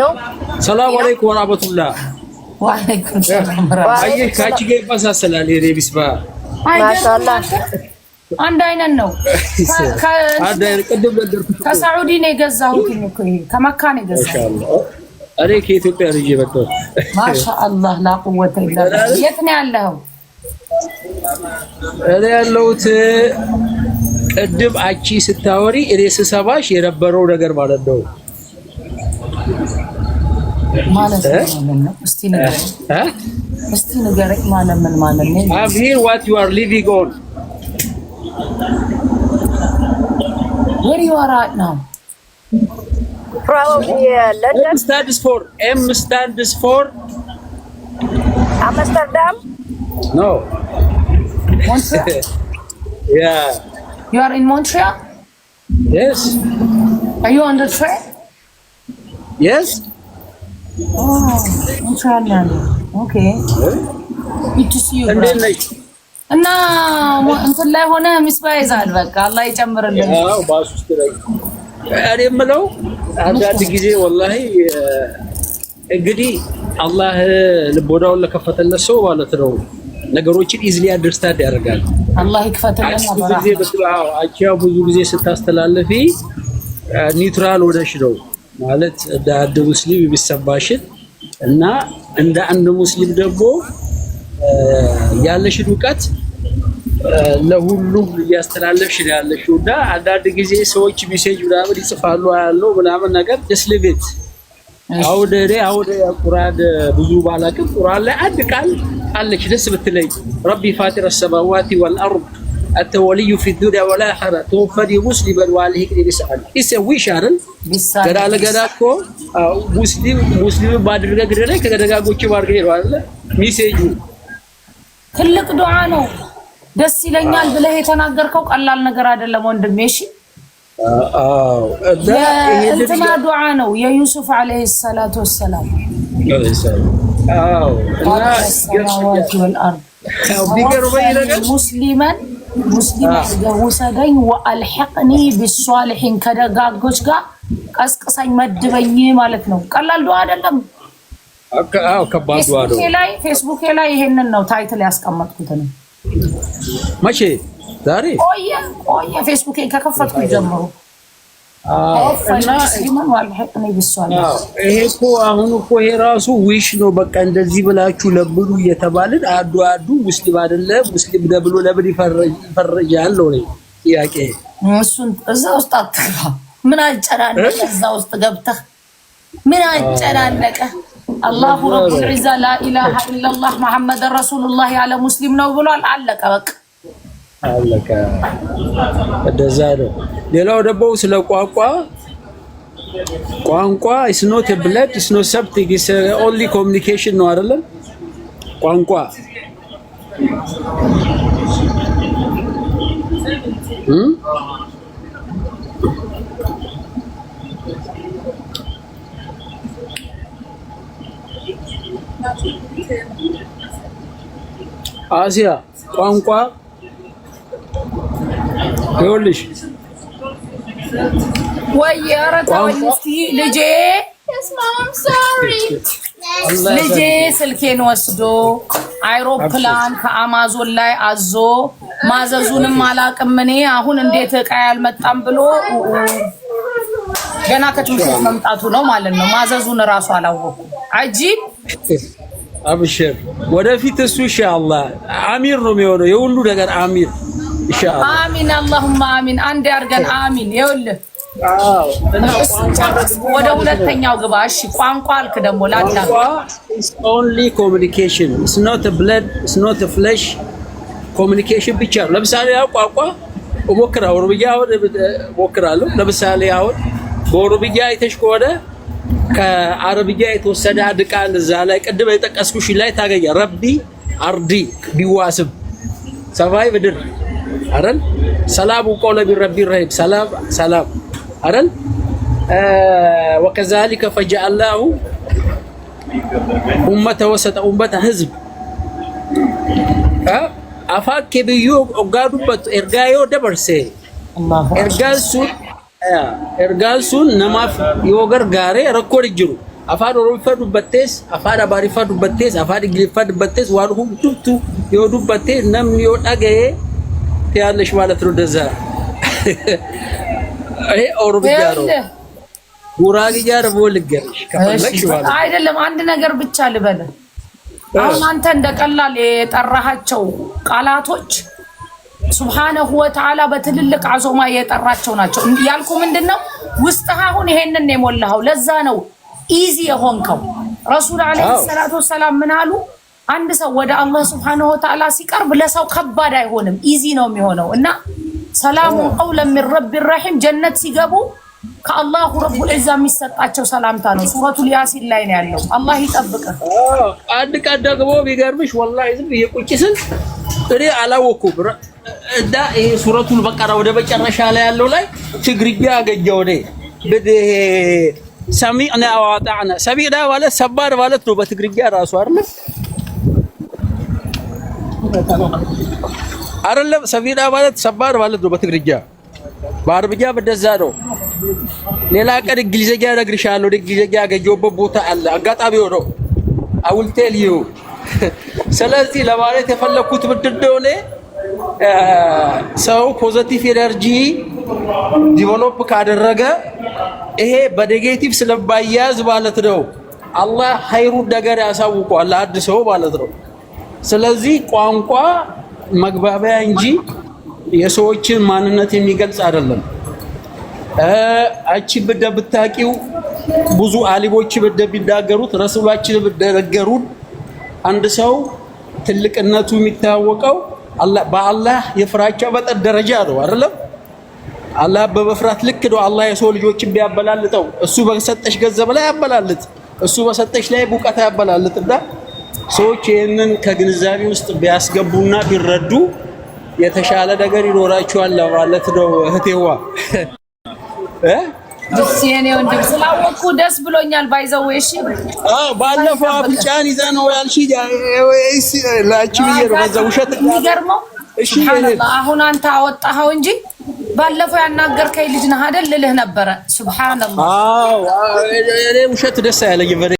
ነው። ሰላም አለይኩም ወራህመቱላህ። ወአለይኩም ሰላም ጋር ይመሳሰላል። የኔ ቢስባ አንድ አይነት ነው። ከሳዑዲ ነው የገዛሁት እኮ ከመካ ነው የገዛሁት። እኔ ከኢትዮጵያ ልጅ የመጣሁት ማሻአላህ። ላ የት ነው ያለኸው? እኔ ያለሁት ቅድም አንቺ ስታወሪ እኔ ስሰማሽ የነበረው ነገር ማለት ነው I'm here what you are living on. Where you are at now? Probably uh, London. M stands for M stands for Amsterdam. No. Montreal. yeah. You are in Montreal? Yes. Are you on the train? የስ እንዴት ነሽ? እና እንትን ላይ ሆነ ሚስባ ይዛል። በቃ አላህ ይጨምርልን። ባስ ውስጥ ላይ እኔ የምለው አንዳንድ ጊዜ ወላሂ እንግዲህ አላህ ልቦናውን ለከፈተለት ሰው ማለት ነው ነገሮችን ኢዝሊ አንደርስታንድ ያደርጋል። አላህ ይክፈትልን። ብዙ ጊዜ ብዙ ጊዜ ስታስተላልፊ ኒውትራል ሆነሽ ነው ማለት እንደ አንድ ሙስሊም የሚሰማሽን እና እንደ አንድ ሙስሊም ደግሞ ያለሽን እውቀት ለሁሉም እያስተላለፍሽ ነው ያለሽው። እና አንዳንድ ጊዜ ሰዎች ሜሴጅ ምናምን ይጽፋሉ ያለው ምናምን ነገር ስልቤት አሁን እኔ አሁን ቁርአን ብዙ ባላቅም ቁርአን ላይ አንድ ቃል አለች ደስ ብትለኝ ረቢ ፋጢር ሰማዋቲ ወልአርድ التولي في الدنيا والآخرة توفني مسلما والحقني بالصالحين ይሄ ዊሻርን ገና ለገና እኮ ሙስሊም ሙስሊም ባድርገ ግደ ላይ ባድርገ ነው አይደለ? ሚሴጁ ትልቅ ዱዓ ነው። ደስ ይለኛል ብለህ የተናገርከው ቀላል ነገር አይደለም ወንድሜ። እሺ አዎ፣ እንትና ዱዓ ነው የዩሱፍ አለይሂ ሰላቱ ወሰላም። አዎ እና ሙስሊማን ሙስሊም ጋር ውሰደኝ፣ ወአልሕቅኒ ቢሷሊሒን ከደጋጎች ጋር ቀስቅሰኝ፣ መድበኝ ማለት ነው። ቀላል ዱዓ አይደለም። ፌስቡኬ ላይ ይሄንን ነው ታይትል ያስቀመጥኩት ነው። መቼ ዛሬ ቆየ ቆየ ፌስቡኬ ከከፈትኩ ጀምሮ ይሄ እኮ አሁን እኮ ይሄ ራሱ ዊሽ ነው። በቃ እንደዚህ ብላችሁ ለምኑ እየተባልን አዱ አዱ ሙስሊም አይደለ ሙስሊም ደብሎ ለምን ነው ጥያቄ። እሱን እዛ ውስጥ ምን አጨናነቀ? እዛ ውስጥ ገብተህ ምን አጨናነቀ? አላሁ ረቡል ዒዛ ላኢላሃ ኢለላህ መሐመድ ረሱሉላህ ያለ ሙስሊም ነው ብሏል። አለቀ በቃ አለቀ። እንደዛ ነው። ሌላው ደግሞ ስለ ቋንቋ ቋንቋ ኢስኖት ብለድ ሰብቲንግ ኢስ ኦንሊ ኮሚኒኬሽን ነው አይደለም? ቋንቋ አሲያ ቋንቋ ይኸውልሽ ወይ ኧረ ተወኝ እስኪ ልጄ ልጄ ስልኬን ወስዶ አይሮፕላን ከአማዞን ላይ አዞ ማዘዙንም አላቅም እኔ አሁን እንዴት እቃ ያልመጣም ብሎ ገና ከትምህርት መምጣቱ ነው ማለት ነው። ማዘዙን እራሱ አላወኩም። አጂ አብሽር፣ ወደፊት እሱ ኢንሻአላህ አሚር ነው የሚሆነው የሁሉ ነገር አሚር አሚን፣ አላሁማ አሚን። አንድ ያርገን። አሚን። ይኸውልህ ወደ ሁለተኛው ግባ። እሺ፣ ቋንቋ አልክ ደግሞ ላዳ ኦንሊ ኮሚኒኬሽን ኢስ ኖት ብለድ ኢስ ኖት ፍሌሽ ኮሚኒኬሽን ብቻ ነው። ለምሳሌ ያው ቋንቋ ሞክራ ኦሮምኛ አሁን ሞክራለሁ። ለምሳሌ አሁን በኦሮምኛ አይተሽ ከሆነ ከአረብኛ የተወሰደ አንድ ቃል እዛ ላይ ቅድም የጠቀስኩሽ ላይ ታገኛ ረቢ አርዲ ቢዋስብ ሰማይ ምድር አይደል? ሰላም ቀውለ ሚን ረቢን ረሂም ሰላም ሰላም አይደል? ወከዛሊከ ፈጀአልናሁ ኡመተ ወሰጠ ኡመተ ህዝብ afaan kee biyyuu hoggaa dubbatu ergaa yoo dabarsee! ergaan sun namaaf yoo gargaare rakkoo jiru afaan oromiffaa dubbattees afaan abaariffaa dubbattees afaan ingiliffaa dubbattees waan hundumtu yoo dubbatte namni yoo dhagaye ትያለሽ ማለት ነው። እንደዛ ይሄ ኦሮምኛ ነው። ጉራግኛ ደግሞ ልንገርሽ ከፈለግሽ ማለት አይደለም። አንድ ነገር ብቻ ልበል። አሁን አንተ እንደቀላል የጠራሃቸው ቃላቶች ሱብሃነሁ ወተዓላ በትልልቅ አዞማ የጠራቸው ናቸው። ያልኩ ምንድን ነው ውስጥህ አሁን ይሄንን የሞላኸው ለዛ ነው ኢዚ የሆንከው። ረሱል አለይሂ ሰላቱ ወሰላም ምን አሉ? አንድ ሰው ወደ አላህ ስብሐነሁ ወተዓላ ሲቀርብ ለሰው ከባድ አይሆንም፣ ኢዚ ነው የሚሆነው እና ሰላሙን ቀውለን ሚን ረቢን ረሒም ጀነት ሲገቡ ከአላሁ ረቡል ዒዛ የሚሰጣቸው ሰላምታ ነው። ሱረቱል ያሲን ላይ ነው ያለው። አላህ ይጠብቅህ። አንድ ቀን ደግሞ ቢገርምሽ ወላሂ ዝም ብዬ ቁጭ ስል እኔ አላወኩም እና ይሄ ሱረቱል በቀራ ወደ መጨረሻ ላይ ያለው ላይ ትግርኛ አገኘሁ እኔ ሰሚዕና ወአጣዕና ሰሚዕና ማለት ሰባር ማለት ነው በትግርኛ ራሱ አይደለም አይደለም። ሰፊና ማለት ሰባር ማለት ነው በትግርኛ። በአረብኛ እንደዛ ነው። ሌላ ቀን እንግሊዘኛ እነግርሻለሁ። እንግሊዘኛ ያገኘሁበት ቦታ አለ አጋጣሚ ሆኖ አውልቴል ይሁ። ስለዚህ ለማለት የፈለኩት ምንድን ነው ሰው ፖዘቲቭ ኤነርጂ ዲቨሎፕ ካደረገ ይሄ በኔጌቲቭ ስለማያዝ ማለት ነው። አላህ ሀይሩን ነገር ያሳውቀዋል ለአንድ ሰው ማለት ነው። ስለዚህ ቋንቋ መግባቢያ እንጂ የሰዎችን ማንነት የሚገልጽ አይደለም። አቺ ብደ ብታቂው ብዙ አሊቦች ብደ ቢናገሩት ረሱላችን ብደነገሩን አንድ ሰው ትልቅነቱ የሚታወቀው በአላህ የፍራቻ በጠር ደረጃ ነው አይደለም። አላህ በመፍራት ልክ ነው። አላህ የሰው ልጆችን ቢያበላልጠው እሱ በሰጠሽ ገንዘብ ላይ ያበላልጥ፣ እሱ በሰጠሽ ላይ ቡቀት ያበላልጥና ሰዎች ይህንን ከግንዛቤ ውስጥ ቢያስገቡና ቢረዱ የተሻለ ነገር ይኖራቸዋል ለማለት ነው። እህቴዋ ስላወቅኩ ደስ ብሎኛል። ባይዘው እሺ፣ ባለፈው አፍንጫን ይዘህ ነው ነው። ውሸት የሚገርመው አሁን አንተ አወጣኸው እንጂ ባለፈው ያናገርከኝ ልጅ ነህ አይደል ልልህ ነበረ። ሱብሃነላህ። እኔ ውሸት ደስ